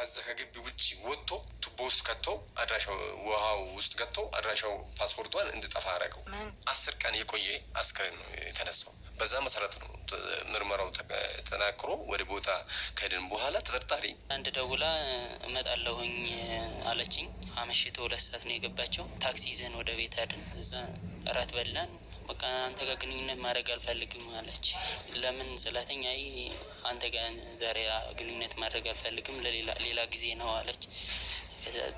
ከዛ ከግቢ ውጭ ወጥቶ ቱቦ ውስጥ ከቶ አድራሻው ውሃው ውስጥ ከቶ አድራሻው ፓስፖርቷን እንድጠፋ አረገው። አስር ቀን የቆየ አስክሬን ነው የተነሳው። በዛ መሰረት ነው ምርመራው ተጠናክሮ ወደ ቦታ ከድን በኋላ ተጠርጣሪ አንድ ደውላ እመጣለሁኝ አለችኝ። አመሽቶ ሁለት ሰዓት ነው የገባቸው። ታክሲ ይዘን ወደ ቤት አድን እዛ እራት በላን። በቃ አንተ ጋር ግንኙነት ማድረግ አልፈልግም አለች። ለምን ጽላተኛ አይ አንተ ጋር ዛሬ ግንኙነት ማድረግ አልፈልግም ለሌላ ጊዜ ነው አለች።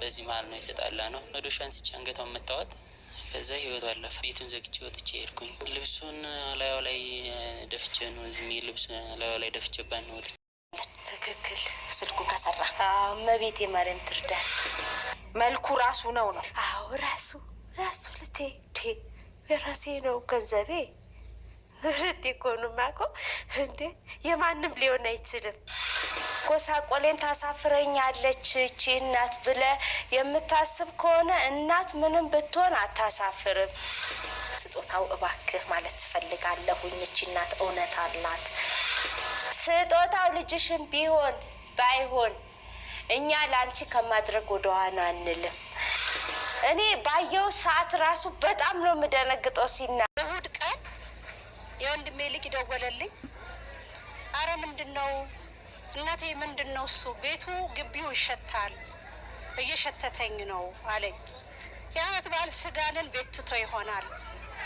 በዚህ መሀል ነው የተጣላ ነው። መዶሻን አንስቼ አንገቷን መታወት ከዛ ህይወቱ አለፈ። ቤቱን ዘግቼ ወጥቼ ሄድኩኝ። ልብሱን ላዩ ላይ ደፍቼ ነው ዝም ልብስ ላዩ ላይ ደፍቼባት ነው ወጥቼ ትክክል ስልኩ ከሰራ መቤት የማርያም ትርዳል መልኩ ራሱ ነው ነው አዎ ራሱ ራሱ ልቴ ቴ የራሴ ነው ገንዘቤ። ርት ኮኑ ማቆ እንዴ የማንም ሊሆን አይችልም። ጎሳቆሌን ታሳፍረኛለች እቺ እናት ብለ የምታስብ ከሆነ እናት ምንም ብትሆን አታሳፍርም። ስጦታው እባክህ ማለት ትፈልጋለሁኝ። እቺ እናት እውነት አላት። ስጦታው ልጅሽም ቢሆን ባይሆን እኛ ለአንቺ ከማድረግ ወደኋላ አንልም። እኔ ባየው ሰዓት ራሱ በጣም ነው የምደነግጠው። ሲና ሁድ ቀን የወንድሜ ልጅ ደወለልኝ። አረ ምንድን ነው እናቴ ምንድን ነው እሱ ቤቱ ግቢው ይሸታል እየሸተተኝ ነው አለኝ። የአመት በዓል ስጋንን ቤት ትቶ ይሆናል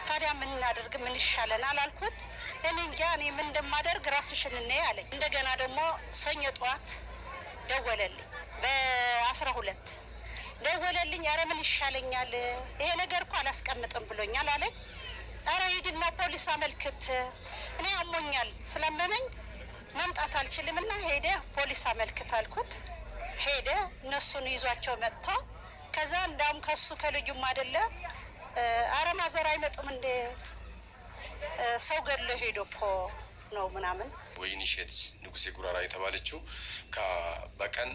ታዲያ ምን እናደርግ ምን ይሻለናል አልኩት። እኔ እንጃ እኔ ምን እንደማደርግ ራስሽን ነይ አለኝ። እንደገና ደግሞ ሰኞ ጠዋት ደወለልኝ በአስራ ሁለት ደወለልኝ። ኧረ ምን ይሻለኛል ይሄ ነገር እኮ አላስቀምጥም ብሎኛል አለኝ። ኧረ ሂድና ፖሊስ አመልክት፣ እኔ አሞኛል ስለመመኝ መምጣት አልችልም እና ሄደ ፖሊስ አመልክት አልኩት። ሄደ እነሱን ይዟቸው መጥቶ ከዛ እንዳውም ከሱ ከልዩም አይደለ ኧረ ማዘር አይመጡም እንደ ሰው ገሎ ሄዶ ኮ ነው ምናምን ወይን ንጉሴ ጉራራ የተባለችው ከበቀን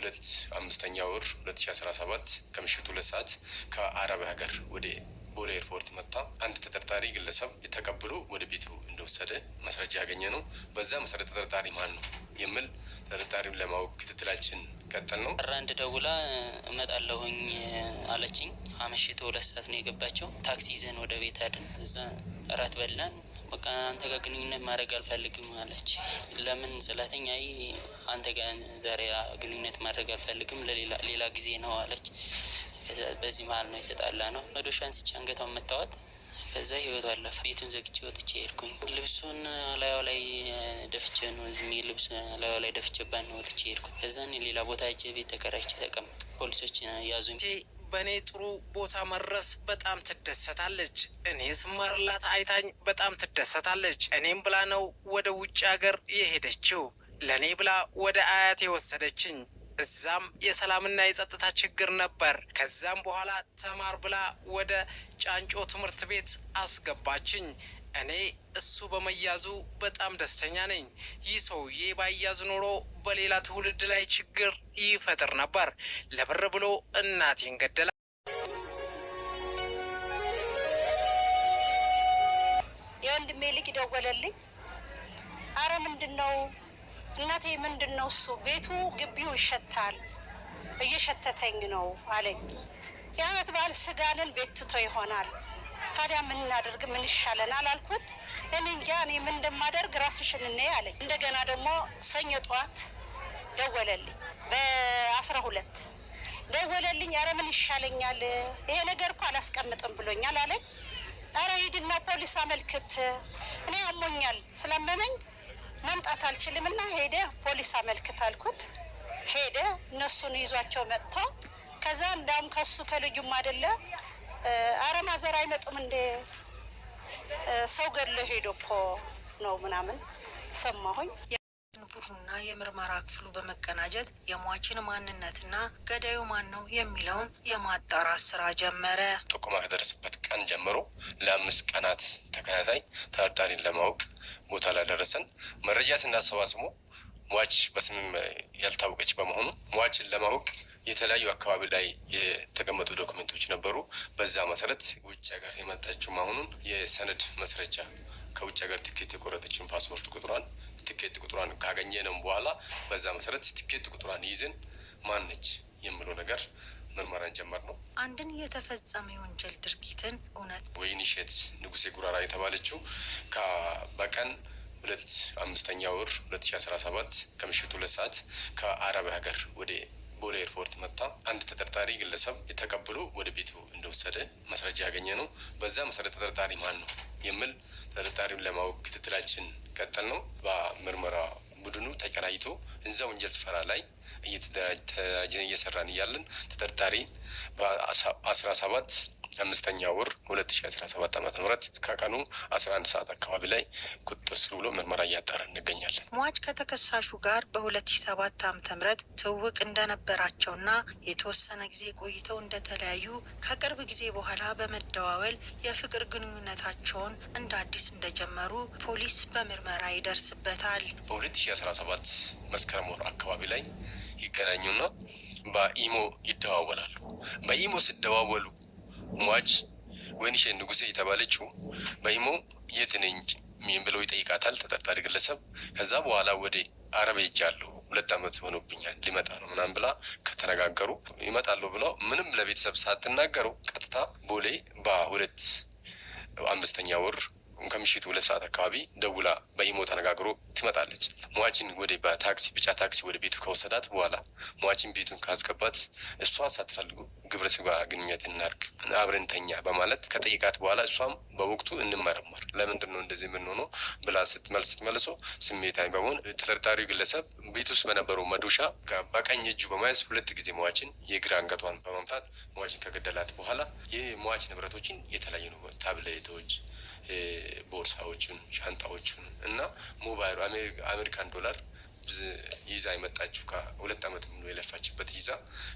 ሁለት አምስተኛ ወር 2017 ከምሽቱ ሁለት ሰዓት ከአረብ ሀገር ወደ ቦሌ ኤርፖርት መጣ። አንድ ተጠርጣሪ ግለሰብ ተቀብሎ ወደ ቤቱ እንደወሰደ ማስረጃ ያገኘ ነው። በዛ መሰረት ተጠርጣሪ ማን ነው የሚል ተጠርጣሪውን ለማወቅ ክትትላችን ቀጠል ነው። አንድ ደውላ እመጣለሁኝ አለችኝ። አመሽቶ ሁለት ሰዓት ነው የገባቸው። ታክሲ ይዘን ወደ ቤት አድን። እዛ እራት በላን። በቃ አንተ ጋር ግንኙነት ማድረግ አልፈልግም አለች። ለምን ስላተኝ አይ አንተ ጋር ዛሬ ግንኙነት ማድረግ አልፈልግም ለሌላ ጊዜ ነው አለች። በዚህ መሀል ነው የተጣላ ነው። መዶሻን ስቼ አንገቷን መታወት ከዛ ህይወቱ አለፈ። ቤቱን ዘግቼ ወጥቼ ሄድኩኝ። ልብሱን ላዩ ላይ ደፍቼ ነው ዝ ልብስ ላዩ ላይ ደፍቼ ባን ወጥቼ ሄድኩኝ። ከዛን ሌላ ቦታ እጄ ቤት ተከራይቼ ተቀመጥኩ። ፖሊሶች ያዙኝ። በእኔ ጥሩ ቦታ መድረስ በጣም ትደሰታለች። እኔ ስማርላት አይታኝ በጣም ትደሰታለች። እኔም ብላ ነው ወደ ውጭ ሀገር የሄደችው። ለእኔ ብላ ወደ አያት የወሰደችኝ። እዛም የሰላምና የጸጥታ ችግር ነበር። ከዛም በኋላ ተማር ብላ ወደ ጫንጮ ትምህርት ቤት አስገባችኝ። እኔ እሱ በመያዙ በጣም ደስተኛ ነኝ። ይህ ሰውዬ ባያዝ ኖሮ በሌላ ትውልድ ላይ ችግር ይፈጥር ነበር። ለብር ብሎ እናቴን ገደላ። የወንድሜ ልጅ ደወለልኝ። አረ ምንድን ነው እናቴ? ምንድን ነው እሱ? ቤቱ ግቢው ይሸታል፣ እየሸተተኝ ነው አለኝ። የአመት በዓል ስጋንን ቤት ትቶ ይሆናል ታዲያ ምን እናደርግ ምን ይሻለናል አልኩት። እኔ እንጃ እኔ ምን እንደማደርግ ራስሽን እኔ አለኝ። እንደገና ደግሞ ሰኞ ጠዋት ደወለልኝ በአስራ ሁለት ደወለልኝ። አረ ምን ይሻለኛል ይሄ ነገር እኮ አላስቀምጥም ብሎኛል አለኝ። አረ ሂድና ፖሊስ አመልክት። እኔ አሞኛል ስለመመኝ መምጣት አልችልም እና ሄደ ፖሊስ አመልክት አልኩት። ሄደ እነሱን ይዟቸው መጥቶ ከዛ እንዳውም ከሱ ከልዩም አይደለ አረ ማዘር አይመጡም እንዴ ሰው ገለ ሄዶ እኮ ነው ምናምን ሰማሁኝ። ቡድኑና የምርመራ ክፍሉ በመቀናጀት የሟችን ማንነትና ገዳዩ ማን ነው የሚለውን የማጣራት ስራ ጀመረ። ጥቆማ ከደረሰበት ቀን ጀምሮ ለአምስት ቀናት ተከታታይ ተጠርጣሪን ለማወቅ ቦታ ላደረሰን መረጃ ስናሰባስሞ ሟች በስምም ያልታወቀች በመሆኑ ሟችን ለማወቅ የተለያዩ አካባቢ ላይ የተቀመጡ ዶክመንት በዛ መሰረት ውጭ ሀገር የመጣችው መሆኑን የሰነድ መስረጃ ከውጭ ሀገር ትኬት የቆረጠችን ፓስፖርት ቁጥሯን ትኬት ቁጥሯን ካገኘንም በኋላ በዛ መሰረት ትኬት ቁጥሯን ይዘን ማነች የምለው ነገር ምርመራን ጀመር ነው። አንድን የተፈጸመ የወንጀል ድርጊትን እውነት ወይንሸት ንጉሴ ጉራራ የተባለችው በቀን ሁለት አምስተኛ ወር ሁለት ሺ አስራ ሰባት ከምሽቱ ሁለት ሰዓት ከአረብ ሀገር ወደ ቦሌ ኤርፖርት መጣ አንድ ተጠርጣሪ ግለሰብ ተቀብሎ ወደ ቤቱ እንደወሰደ ማስረጃ ያገኘ ነው። በዛ መሰረት ተጠርጣሪ ማን ነው የሚል ተጠርጣሪውን ለማወቅ ክትትላችን ቀጠል ነው። በምርመራ ቡድኑ ተቀናጅቶ እዛ ወንጀል ስፈራ ላይ እየተደራጅ እየሰራን እያለን ተጠርጣሪ በአስራ ሰባት አምስተኛ ወር ሁለት ሺ አስራ ሰባት ከቀኑ አስራ አንድ ሰዓት አካባቢ ላይ ቁጥጥር ስር ውሎ ምርመራ እያጣረ እንገኛለን። ሟች ከተከሳሹ ጋር በሁለት ሺ ሰባት ዓመተ ትውውቅ እንደነበራቸውና የተወሰነ ጊዜ ቆይተው እንደተለያዩ ከቅርብ ጊዜ በኋላ በመደዋወል የፍቅር ግንኙነታቸውን እንደ አዲስ እንደጀመሩ ፖሊስ በምርመራ ይደርስበታል። በሁለት ሺ አስራ ሰባት መስከረም ወር አካባቢ ላይ ይገናኙና በኢሞ ይደዋወላሉ። በኢሞ ሲደዋወሉ ሟች ወይንሸ ንጉሴ የተባለችው በኢሞ የት ነኝ ብለው ይጠይቃታል ተጠርጣሪ ግለሰብ። ከዛ በኋላ ወደ አረብ ሄጃለሁ ሁለት ዓመት ሆኖብኛል ሊመጣ ነው ምናምን ብላ ከተነጋገሩ ይመጣሉ ብለው ምንም ለቤተሰብ ሳትናገሩ ቀጥታ ቦሌ በሁለት አምስተኛ ወር ከምሽቱ ሁለት ሰዓት አካባቢ ደውላ በኢሞ ተነጋግሮ ትመጣለች። ሟችን ወደ በታክሲ ቢጫ ታክሲ ወደ ቤቱ ከወሰዳት በኋላ ሟችን ቤቱን ካስገባት እሷ ሳትፈልጉ ግብረ ስጋ ግንኙነት እናርግ፣ አብረን ተኛ በማለት ከጠይቃት በኋላ እሷም በወቅቱ እንመረመር፣ ለምንድን ነው እንደዚህ የምንሆነው ብላ ስትመልስ ስትመልሶ ስሜታዊ በመሆን ተጠርጣሪው ግለሰብ ቤት ውስጥ በነበረው መዶሻ በቀኝ እጁ በማያዝ ሁለት ጊዜ መዋችን የግራ አንገቷን በመምታት መዋችን ከገደላት በኋላ ይህ መዋች ንብረቶችን የተለያዩ ነው ታብሌቶች ቦርሳዎችን፣ ሻንጣዎችን እና ሞባይሉ አሜሪካን ዶላር ይዛ የመጣችው ከሁለት ዓመት ሙሉ የለፋችበት ይዛ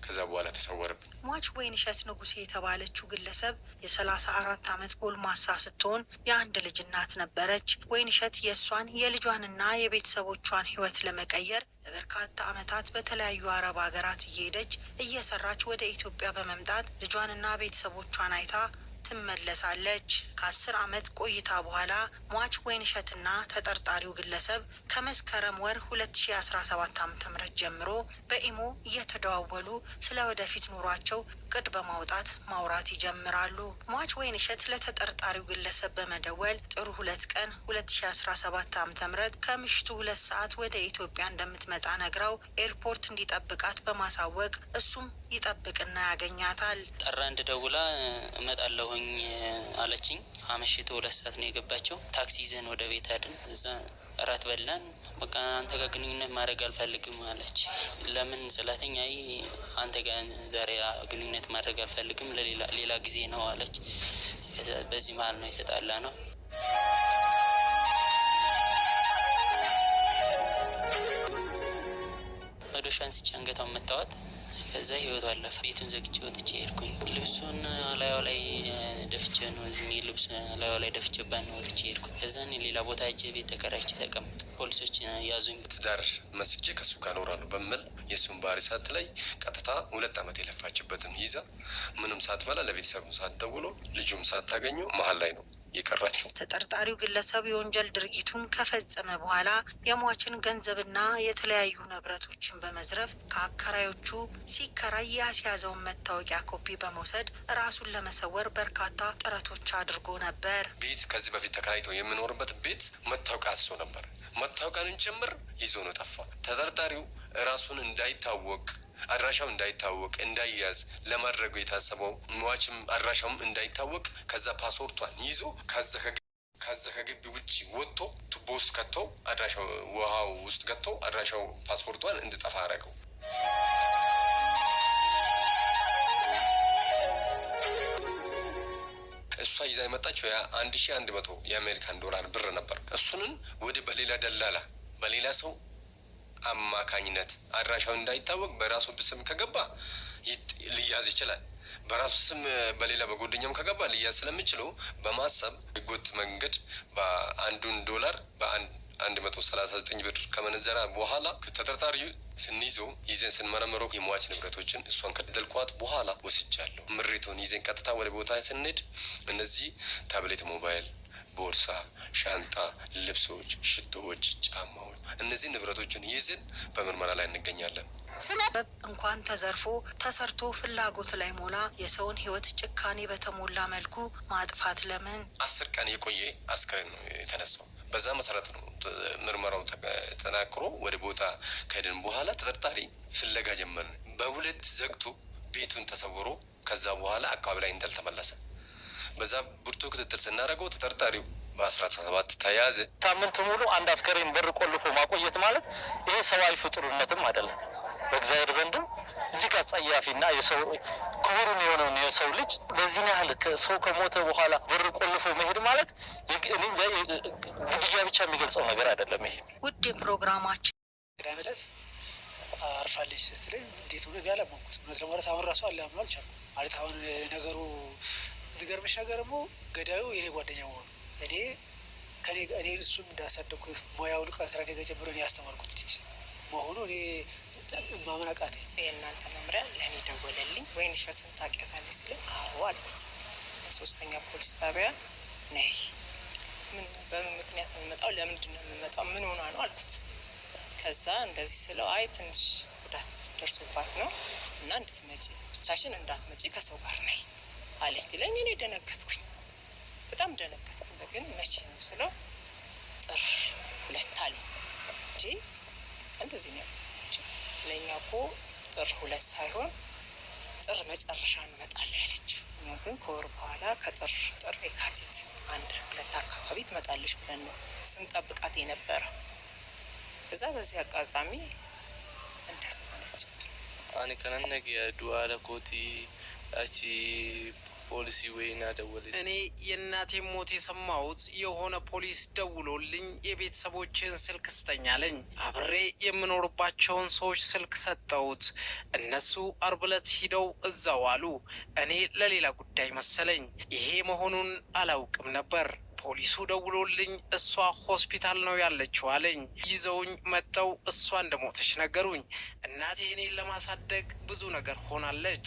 ከዛ በኋላ ተሰወረብኝ። ሟች ወይንሸት ንጉሴ የተባለችው ግለሰብ የሰላሳ አራት ዓመት ጎልማሳ ስትሆን የአንድ ልጅ እናት ነበረች። ወይንሸት የእሷን የልጇንና የቤተሰቦቿን ህይወት ለመቀየር ለበርካታ ዓመታት በተለያዩ አረብ ሀገራት እየሄደች እየሰራች ወደ ኢትዮጵያ በመምጣት ልጇንና ቤተሰቦቿን አይታ ትመለሳለች። ከአስር ዓመት ቆይታ በኋላ ሟች ወይንሸትና ተጠርጣሪው ግለሰብ ከመስከረም ወር 2017 ዓ.ም ጀምሮ በኢሞ እየተደዋወሉ ስለ ወደፊት ኑሯቸው እቅድ በማውጣት ማውራት ይጀምራሉ። ሟች ወይን እሸት ለተጠርጣሪው ግለሰብ በመደወል ጥር ሁለት ቀን ሁለት ሺ አስራ ሰባት ዓመተ ምህረት ከምሽቱ ሁለት ሰዓት ወደ ኢትዮጵያ እንደምትመጣ ነግረው ኤርፖርት እንዲጠብቃት በማሳወቅ እሱም ይጠብቅና ያገኛታል። ጠራ እንድደውላ እመጣለሁኝ አለችኝ። አመሽቶ ሁለት ሰዓት ነው የገባቸው። ታክሲ ይዘን ወደ ቤት አድን እዛ እራት በላን። በቃ አንተ ጋር ግንኙነት ማድረግ አልፈልግም አለች። ለምን ጽላተኛ አንተ ጋር ዛሬ ግንኙነት ማድረግ አልፈልግም ሌላ ጊዜ ነው አለች። በዚህ መሀል ነው የተጣላ ነው። መዶሻን ስቼ አንገቷን መታዋት። ከዛ ህይወቷ አለፈ። ቤቱን ዘግቼ ወጥቼ ሄድኩኝ። ልብሱን ላዩ ላይ ደፍቼ ነው ዝሜ ልብስ ላዩ ላይ ደፍቼባት ነው ወጥቼ ሄድኩ። ከዛን ሌላ ቦታ እጀ ቤት ተከራይቼ ተቀምጡ ፖሊሶች ያዙኝ። ትዳር መስጄ ከሱ ጋር እኖራለሁ በምል የእሱን ባህሪ ሳት ላይ ቀጥታ ሁለት ዓመት የለፋችበትን ይዛ ምንም ሳትበላ ለቤተሰብ ሳትደውሎ ልጁም ሳታገኘው መሀል ላይ ነው የቀራቸው። ተጠርጣሪው ግለሰብ የወንጀል ድርጊቱን ከፈጸመ በኋላ የሟችን ገንዘብና የተለያዩ ንብረቶችን በመዝረፍ ከአከራዮቹ ሲከራይ ያስያዘውን መታወቂያ ኮፒ በመውሰድ ራሱን ለመሰወር በርካታ ጥረቶች አድርጎ ነበር። ቤት ከዚህ በፊት ተከራይቶ የምኖርበት ቤት መታወቂያ አስሶ ነበር። መታወቂያንን ጭምር ይዞ ነው ጠፋ። ተጠርጣሪው ራሱን እንዳይታወቅ አድራሻው እንዳይታወቅ እንዳይያዝ ለማድረጉ የታሰበው ሟችም አድራሻውም እንዳይታወቅ ከዛ ፓስፖርቷን ይዞ ከዛ ከግቢ ውጭ ወጥቶ ቱቦ ውስጥ ከቶ አድራሻው ውሃው ውስጥ ከቶ አድራሻው ፓስፖርቷን እንድጠፋ አረገው። እሷ ይዛ የመጣችው ያ አንድ ሺ አንድ መቶ የአሜሪካን ዶላር ብር ነበር። እሱንን ወደ በሌላ ደላላ በሌላ ሰው አማካኝነት አድራሻው እንዳይታወቅ በራሱ ስም ከገባ ሊያዝ ይችላል። በራሱ ስም በሌላ በጓደኛም ከገባ ሊያዝ ስለምችለው በማሰብ ህገወጥ መንገድ በአንዱን ዶላር በአንድ መቶ ሰላሳ ዘጠኝ ብር ከመነዘራ በኋላ ተጠርጣሪ ስንይዘው ይዘን ስንመረምረው የሟች ንብረቶችን እሷን ከደልኳት በኋላ ወስጃለሁ። ምሬቱን ይዘን ቀጥታ ወደ ቦታ ስንሄድ እነዚህ ታብሌት፣ ሞባይል፣ ቦርሳ፣ ሻንጣ፣ ልብሶች፣ ሽቶዎች፣ ጫማዎች እነዚህ ንብረቶችን ይዝን በምርመራ ላይ እንገኛለን። ስነጥበብ እንኳን ተዘርፎ ተሰርቶ ፍላጎት ላይ ሞላ የሰውን ህይወት ጭካኔ በተሞላ መልኩ ማጥፋት ለምን? አስር ቀን የቆየ አስክሬን ነው የተነሳው። በዛ መሰረት ነው ምርመራው ተጠናክሮ ወደ ቦታ ከሄድን በኋላ ተጠርጣሪ ፍለጋ ጀመርን። በሁለት ዘግቶ ቤቱን ተሰውሮ ከዛ በኋላ አካባቢ ላይ እንዳልተመለሰ በዛ ብርቱ ክትትል ስናደርገው ተጠርጣሪው በአስራ ሰባት ተያዘ። ሳምንት ሙሉ አንድ አስከሬን በር ቆልፎ ማቆየት ማለት ይሄ ሰብአዊ ፍጡርነትም አይደለም። በእግዚአብሔር ዘንድም እጅግ አስጸያፊና የሰው ክቡርን የሆነውን የሰው ልጅ በዚህን ያህል ሰው ከሞተ በኋላ በር ቆልፎ መሄድ ማለት ግድያ ብቻ የሚገልጸው ነገር አይደለም። ይሄ ውድ የፕሮግራማችን ቅዳሜ ዕለት አርፋለች ስትለኝ እንዴት ሆነ ያላመንኩት እውነት ለማለት አሁን ራሱ አላምኑ አልቻልኩም። ማለት አሁን ነገሩ የሚገርምሽ ነገር ደግሞ ገዳዩ የኔ ጓደኛ መሆኑ እኔ ከኔ እኔ እሱን እንዳሳደግኩት ሙያው ልቃ ስራ ነገ ጀምሮ እኔ ያስተማርኩት ልጅ መሆኑ እኔ ማመን አቃተኝ። የእናንተ መምሪያ ለእኔ ደወለልኝ። ወይን እሸትን ታውቂያታለሽ ሲለኝ አሮ አልኩት። ሶስተኛ ፖሊስ ጣቢያ ነይ። ምን በምን ምክንያት ነው የምመጣው? ለምንድን ነው የምመጣው? ምን ሆና ነው አልኩት። ከዛ እንደዚህ ስለው አይ ትንሽ ጉዳት ደርሶባት ነው እና እንድትመጪ ብቻሽን እንዳትመጪ ከሰው ጋር ነይ አለኝ። ለኝ እኔ ደነገጥኩኝ፣ በጣም ደነገጥኩኝ። ግን መቼ ነው ስለው ጥር ሁለት አለ እንጂ እንደዚህ ነው ያለችው። ለእኛ እኮ ጥር ሁለት ሳይሆን ጥር መጨረሻ እንመጣለን ያለችው። እኛ ግን ከወር በኋላ ከጥር ጥር የካቲት አንድ ሁለት አካባቢ ትመጣለች ብለን ነው ስንጠብቃት የነበረው። እዛ በዚህ አጋጣሚ እንደዚህ ሆነች። አነ ከነነግ የዱዋ ለኮቲ አቺ ፖሊሲ ወይና ደወለ። እኔ የእናቴ ሞት የሰማሁት የሆነ ፖሊስ ደውሎልኝ የቤተሰቦችን ስልክ ስጠኛለኝ። አብሬ የምኖርባቸውን ሰዎች ስልክ ሰጠሁት። እነሱ አርብ ዕለት ሂደው እዛው አሉ። እኔ ለሌላ ጉዳይ መሰለኝ ይሄ መሆኑን አላውቅም ነበር። ፖሊሱ ደውሎልኝ እሷ ሆስፒታል ነው ያለችው አለኝ። ይዘውኝ መጠው እሷ እንደሞተች ነገሩኝ። እናቴ እኔን ለማሳደግ ብዙ ነገር ሆናለች።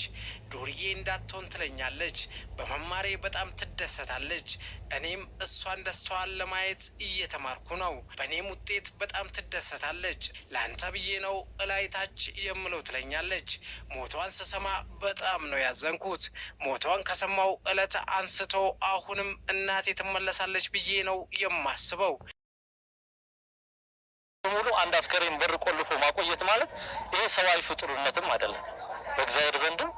ዶርዬ እንዳትሆን ትለኛለች። በመማሬ በጣም ትደሰታለች። እኔም እሷን ደስታዋን ለማየት እየተማርኩ ነው። በእኔም ውጤት በጣም ትደሰታለች። ለአንተ ብዬ ነው እላይታች የምለው ትለኛለች። ሞቷን ስሰማ በጣም ነው ያዘንኩት። ሞቷን ከሰማው እለት አንስቶ አሁንም እናቴ ትመለሳል ትደርሳለች ብዬ ነው የማስበው። ሙሉ አንድ አስከሬን በር ቆልፎ ማቆየት ማለት ይሄ ሰብአዊ ፍጡርነትም አይደለም በእግዚአብሔር ዘንድም